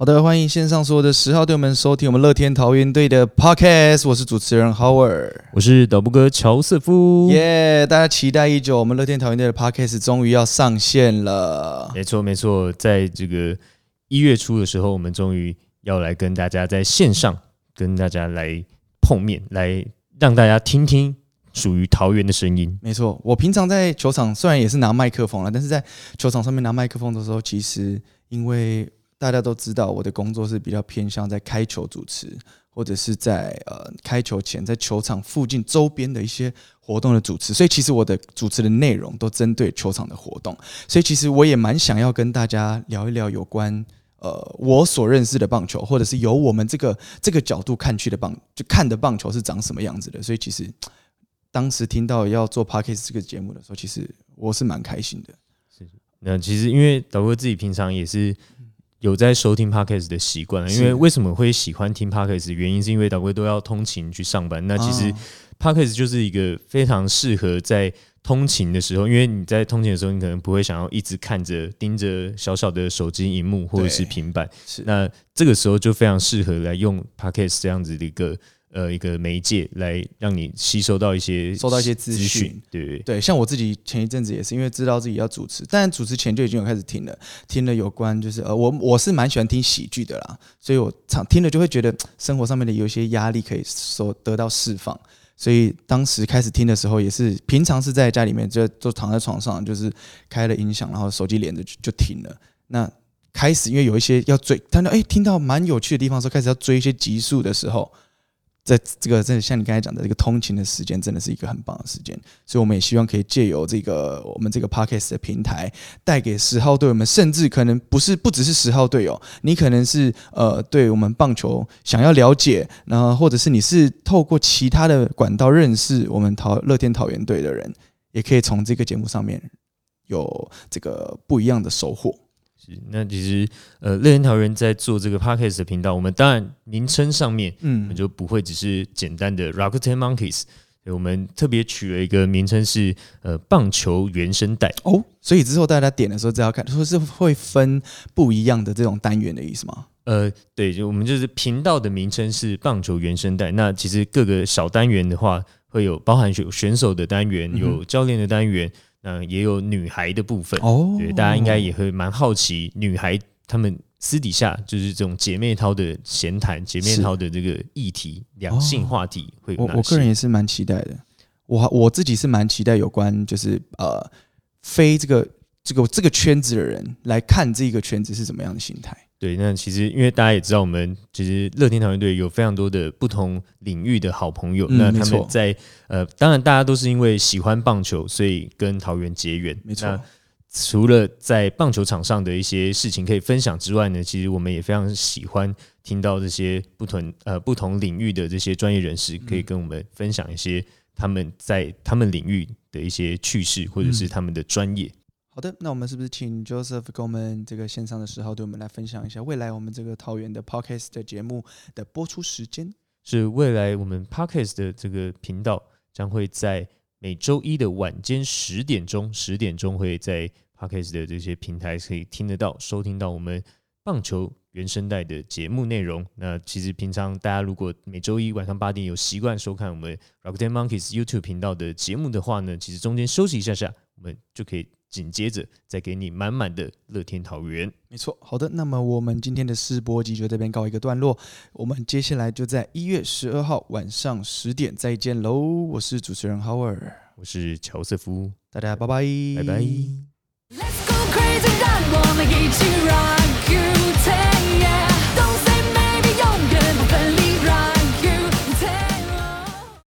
好的，歡迎線上所有的十號隊友們收聽我們樂天桃猿隊的 podcast，我是主持人 Howard，我是導播哥喬瑟夫，耶！Yeah, 大家期待已久，我們樂天桃猿隊的 podcast 終於要上線了。沒錯，沒錯，在這個一月初的時候，我們終於要來跟大家在線上跟大家來碰面，來讓大家聽聽屬於桃猿的聲音。沒錯，我平常在球場雖然也是拿麥克風了，但是在球場上面拿麥克風的時候，其實因為大家都知道，我的工作是比較偏向在開球主持，或者是在呃開球前，在球場附近周邊的一些活動的主持。所以，其實我的主持的內容都針對球場的活動。所以，其實我也蠻想要跟大家聊一聊有關呃我所認識的棒球，或者是由我們這個這個角度看去的棒，就看的棒球是長什麼樣子的。所以，其實當時聽到要做 Podcast 這個節目的時候，其實我是蠻開心的是。是那其實因為導哥自己平常也是。有在收聽 Podcast 的習慣，因為為什麼會喜歡聽 Podcast？原因是因為導播都要通勤去上班，那其實 Podcast 就是一個非常適合在通勤的時候，因為你在通勤的時候，你可能不會想要一直看着盯着小小的手機熒幕或者是平板，那這個時候就非常適合來用 Podcast 這樣子的一個。呃，一個媒介來讓你吸收到一些、收到一些資訊，對。對，像我自己前一陣子也是，因為知道自己要主持，但主持前就已經有開始聽了，聽了有關就是呃，我我是蠻喜歡聽喜劇的啦，所以我常聽了就會覺得生活上面的有一些壓力可以說得到釋放，所以當時開始聽的時候也是，平常是在家裡面就就躺在床上，就是開了音響，然後手機連着就，就停聽了。那開始因為有一些要追，聽到哎，聽到蠻有趣的地方的時候，開始要追一些集數的時候。在這個，真的像你剛才講的這個通勤的時間，真的是一個很棒的時間。所以我們也希望可以借由這個我們這個 podcast 的平台，帶給十號隊友們，甚至可能不是不只是十號隊友，你可能是呃，對我們棒球想要了解，然後或者是你是透過其他的管道認識我們樂天桃猿隊的人，也可以從這個節目上面有這個不一樣的收穫。那其實，呃，樂天桃猿在做這個 Podcast 的頻道，我們當然名稱上面，嗯，就不會只是簡單的 Rakuten Monkeys，所以我們特別取了一個名稱是，呃，棒球猿聲帶。哦，所以之後大家點的時候，只要看說是會分不一樣的這種單元的意思嗎？呃，對，就我們就是頻道的名稱是棒球猿聲帶。那其實各個小單元的話，會有包含有選手的單元，有教練的單元。嗯嗯，也有女孩的部分，哦、對大家應該也會蠻好奇，女孩她們私底下就是這種姐妹淘的閒談，是姐妹淘的這個議題，哦、兩性話題會。我我個人也是蠻期待的，我我自己是蠻期待有關就是呃，非這個這個這個圈子的人來看這個圈子是怎麼樣的心態。對，那其實因為大家也知道，我們其實樂天桃園隊有非常多的不同領域的好朋友，嗯、那他們在沒錯。呃，當然大家都是因為喜歡棒球，所以跟桃園結緣。沒錯。那除了在棒球場上的一些事情可以分享之外呢，其實我們也非常喜歡聽到這些不同呃不同領域的這些專業人士可以跟我們分享一些他們在他們領域的一些趣事，或者是他們的專業。嗯好的，那我們是不是請 Joseph 跟我們這個線上的時候，對我們來分享一下未來我們這個桃園的 Podcast 的節目的播出時間？是未來我們 Podcast 的這個頻道將會在每周一的晚間十點鐘，十點鐘會在 Podcast 的這些平台可以聽得到、收聽到我們棒球猿聲帶的節目內容。那其實平常大家如果每周一晚上八點有習慣收看我們 Rakuten Monkeys YouTube 頻道的節目的話呢，其實中間休息一下下，我們就可以。緊接着再給你滿滿的樂天桃猿。沒錯，好的，那麼我們今天的試播集就這邊告一個段落，我們接下來就在一月十二號晚上十點再見嘍。我是主持人 Howard，我是喬瑟夫，大家拜拜，拜拜。